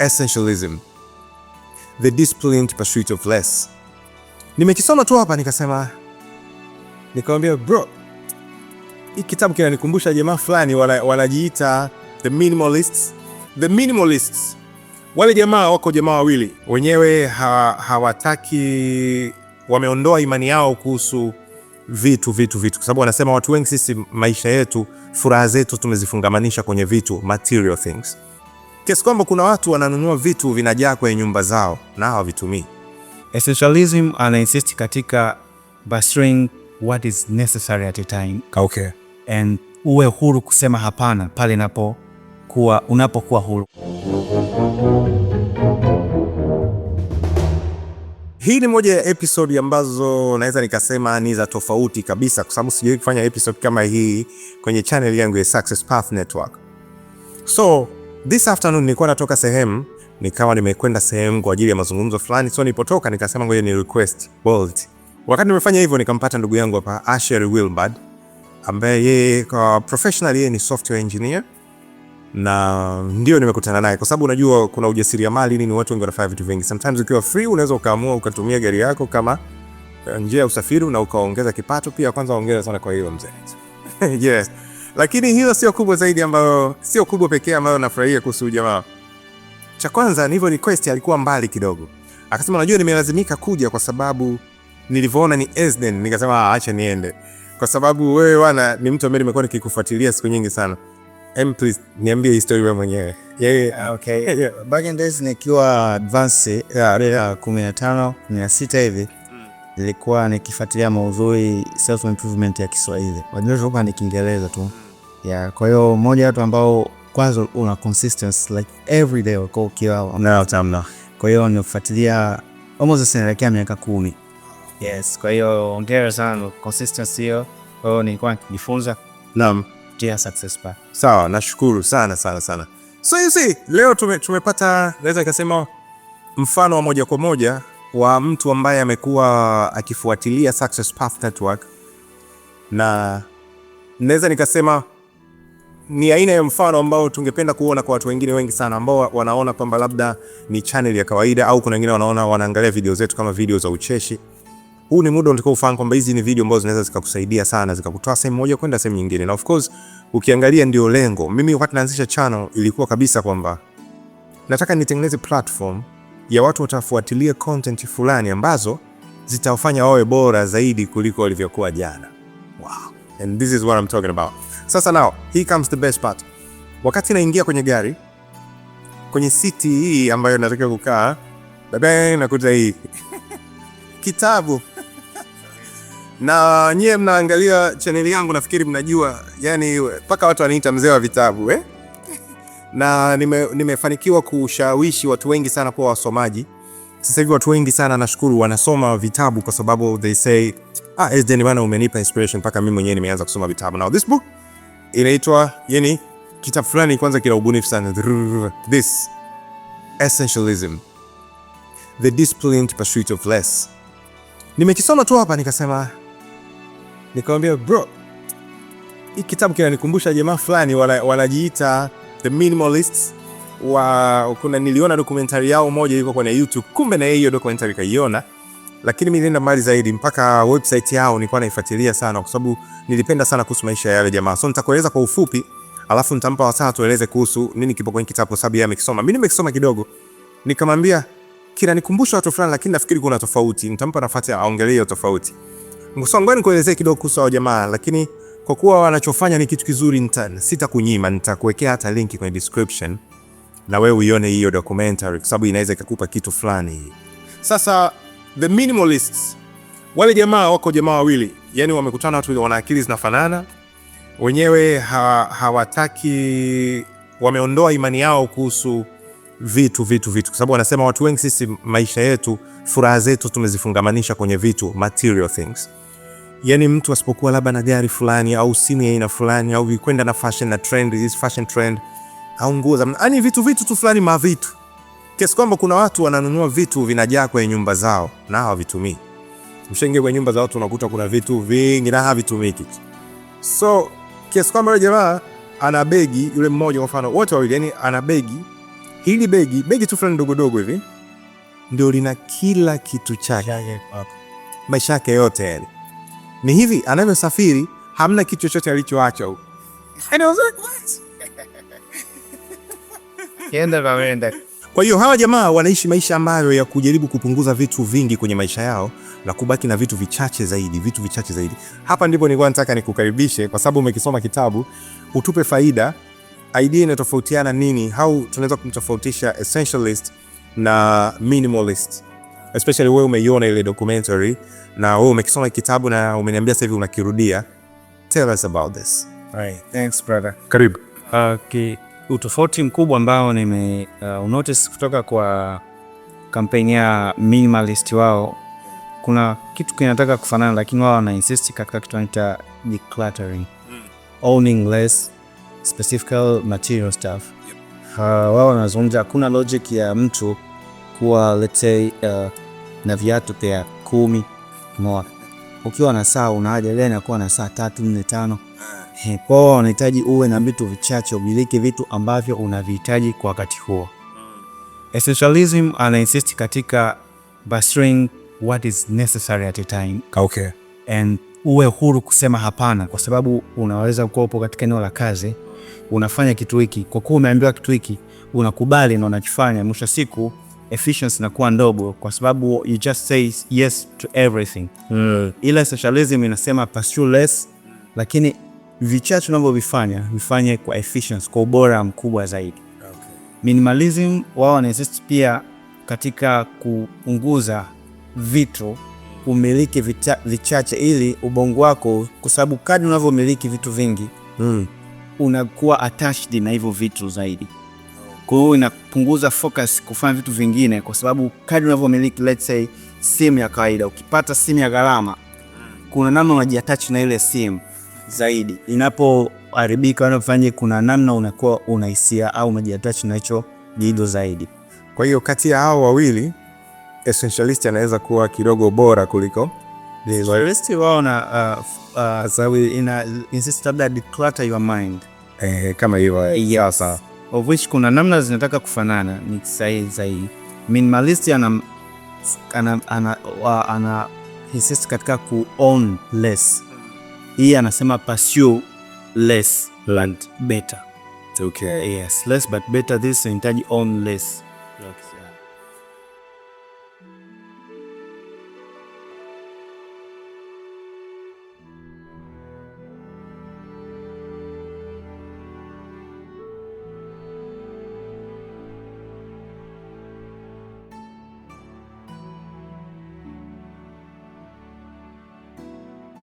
essentialism, the disciplined pursuit of less. Nimekisoma tu hapa nikasema, nikamwambia bro, hii kitabu kinanikumbusha jamaa fulani wanajiita wana the minimalists. The minimalists wale jamaa wako jamaa wawili wenyewe ha, hawataki wameondoa imani yao kuhusu vitu vitu vitu, kwa sababu wanasema watu wengi sisi maisha yetu furaha zetu tumezifungamanisha kwenye vitu material things kiasi kwamba kuna watu wananunua vitu vinajaa kwenye nyumba zao na hawavitumii. Essentialism anainsist katika bustling what is necessary at a time. Okay. And uwe huru kusema hapana pale inapokuwa unapokuwa huru. Hii ni moja ya episodi ambazo naweza nikasema ni za tofauti kabisa, kwa sababu sijawahi kufanya episodi kama hii kwenye channel yangu ya Success Path Network. So This afternoon nilikuwa natoka sehemu nikawa nimekwenda sehemu kwa ajili ya mazungumzo fulani, so nilipotoka nikasema ngoja ni request Bolt. Wakati nimefanya hivyo nikampata ndugu yangu hapa Asher Wilbard ambaye yeye kwa professional yeye ni software engineer na ndio nimekutana naye kwa sababu unajua kuna ujasiriamali nini, watu wengi wanafanya vitu vingi. Sometimes ukiwa free unaweza ukaamua ukatumia gari yako kama eh, njia ya usafiri na ukaongeza kipato pia. Kwanza ongeza sana kwa hiyo mzee. Yes. Lakini hiyo sio kubwa zaidi, ambayo sio kubwa pekee ambayo nafurahia kuhusu jamaa. Cha kwanza ni nilivyo request alikuwa mbali kidogo, akasema najua nimelazimika kuja kwa sababu nilivyoona ni Esden, nikasema ah, acha niende, kwa sababu wewe bwana ni mtu ambaye nimekuwa nikikufuatilia siku nyingi sana. Em, please niambie history wewe mwenyewe. Yeah, okay. Yeah, yeah. Back in days nikiwa advance uh, ya kumi na tano kumi hivi nilikuwa nikifuatilia maudhui self improvement ya Kiswahili. Wajua, tulikuwa ni Kiingereza tu Mm yeah. Kwa hiyo moja watu ambao kwanza una consistency like every day wako kila na tamna. Kwa hiyo nimefuatilia almost sinaelekea miaka kumi. Yes, kwa hiyo ongera sana consistency hiyo. Kwa hiyo nilikuwa nikijifunza. Naam. Tia success pa. Sawa, nashukuru sana sana sana. So you see, leo tume, tumepata naweza nikasema mfano wa moja kwa moja wa mtu ambaye amekuwa akifuatilia Success Path Network na naweza nikasema ni aina ya mfano ambao tungependa kuona kwa watu wengine wengi sana ambao wanaona kwamba labda ni channel ya kawaida au kuna wengine wanaona wanaangalia video zetu kama video za ucheshi. Huu ni muda unatakiwa ufahamu kwamba hizi ni video ambazo zinaweza zikakusaidia sana, zikakutoa sehemu moja kwenda sehemu nyingine, na of course ukiangalia, ndio lengo. Mimi wakati naanzisha channel ilikuwa kabisa kwamba nataka nitengeneze platform ya watu watafuatilia content fulani ambazo zitawafanya wawe bora zaidi kuliko walivyokuwa jana. Wow. And this is what I'm talking about. Sasa now here comes the best part. Wakati naingia kwenye gari kwenye siti hii ambayo natakiwa kukaa, baadaye nakuta hii kitabu na nyie mnaangalia chaneli yangu nafikiri mnajua, yani mpaka watu wananiita mzee wa vitabu eh? na nime, nimefanikiwa kushawishi watu wengi sana kuwa wasomaji. Sasa hivi watu wengi sana nashukuru wanasoma vitabu kwa sababu they say ah, bwana umenipa inspiration mpaka mimi mwenyewe nimeanza kusoma vitabu. Now this book inaitwa yani, kitabu fulani kwanza kina ubunifu sana. This essentialism the disciplined pursuit of less. Nimekisoma tu hapa nikasema, nikamwambia bro, hii kitabu kinanikumbusha jamaa fulani wanajiita wana the minimalists wa kuna, niliona dokumentari yao moja iko kwenye YouTube, kumbe na yeye hiyo dokumentari kaiona lakini mimi nenda mbali zaidi mpaka website yao nilikuwa naifuatilia sana, kwa sababu nilipenda sana kuhusu maisha ya yale jamaa. So nitakueleza kwa ufupi, alafu nitampa wasaa tueleze kuhusu nini kipo kwenye kitabu, sababu yeye amekisoma, mimi nimekisoma kidogo. Nikamwambia kinanikumbusha watu fulani, lakini nafikiri kuna tofauti. Nitampa nafasi aongelee hiyo tofauti. Msongoni kuelezea kidogo kuhusu hao jamaa, lakini kwa kuwa wanachofanya ni kitu kizuri, sitakunyima, nitakuwekea hata linki kwenye description na wewe uione hiyo documentary, kwa sababu inaweza ikakupa kitu fulani. Sasa The Minimalists, wale jamaa wako jamaa wawili, yani wamekutana watu wana akili zinafanana, wenyewe hawataki, wameondoa imani yao kuhusu vitu vitu vitu, kwa sababu wanasema watu wengi sisi maisha yetu furaha zetu tumezifungamanisha kwenye vitu material things. Yani mtu asipokuwa labda na gari fulani au simu ya aina fulani au vikwenda na fashion na trend, this fashion trend au nguo za yani vitu vitu tu fulani mavitu kiasi kwamba kuna watu wananunua vitu vinajaa kwenye nyumba zao na hawavitumii. Mshenge kwenye nyumba za watu unakuta kuna vitu vingi na havitumiki, so kiasi kwamba yule jamaa ana begi, yule mmoja kwa mfano, wote wawili, yani ana begi hili begi begi tu fulani dogodogo hivi ndio lina kila kitu chake maisha yake yote yani. Ni hivi anavyosafiri, hamna kitu chochote alichoacha huko. Kwa hiyo hawa jamaa wanaishi maisha ambayo ya kujaribu kupunguza vitu vingi kwenye maisha yao na kubaki na vitu vichache zaidi, vitu vichache zaidi. Hapa ndipo nilikuwa nataka nikukaribishe, kwa sababu umekisoma kitabu, utupe faida, idea inatofautiana nini, au tunaweza kumtofautisha essentialist na minimalist, especially wewe umeiona ile documentary na wewe umekisoma kitabu na umeniambia sasa hivi unakirudia. Tell us about this. right, thanks brother. Karibu. Okay. Utofauti mkubwa ambao nime uh, notice kutoka kwa kampeni ya minimalist wao, kuna kitu kinataka kufanana, lakini wao wana insist katika kitu wanaita decluttering, hmm. owning less specific material stuff. Uh, wao wanazungumza kuna logic ya mtu kuwa let's say uh, na viatu pia kumi moja, ukiwa na saa unaendelea Leo inakuwa na saa tatu nne tano ah. Kwa hiyo wanahitaji uwe na vitu vichache, umiliki vitu ambavyo unavihitaji kwa wakati huo. Essentialism ana insist katika pursuing what is necessary at a time. Okay. And uwe huru kusema hapana, kwa sababu unaweza kuwa upo katika eneo la kazi, unafanya kitu hiki kwa kuwa umeambiwa kitu hiki, unakubali na unakifanya. Mwisho siku efficiency inakuwa ndogo, kwa sababu you just say yes to everything mm. Ila socialism inasema pursue less, lakini vichache tunavyovifanya vifanye kwa efficiency, kwa ubora mkubwa zaidi. Okay. Minimalism wao wanaexist pia katika kupunguza vitu, umiliki vichache ili ubongo wako, kwa sababu kadri unavyomiliki vitu vingi mm, unakuwa attached na hivyo vitu zaidi kwa hiyo inapunguza focus kufanya vitu vingine, kwa sababu kadri unavyomiliki let's say simu ya kawaida, ukipata simu ya gharama, kuna namna unajiattach na ile simu zaidi. Linapoharibika unafanya kuna namna unakuwa unahisia au unajiattach na hicho jido zaidi. Kwa hiyo kati ya hao wawili essentialist anaweza kuwa kidogo bora kuliko essentialist. Wao na uh, uh, so insist declutter your mind eh, kama hivyo eh, yes. of which kuna namna zinataka kufanana ni sahihi zaidi. Minimalist ana ana ana, ana, ana, hii anasema pursue less land better. Okay. Yes, less but better this inahitaji own less. Okay.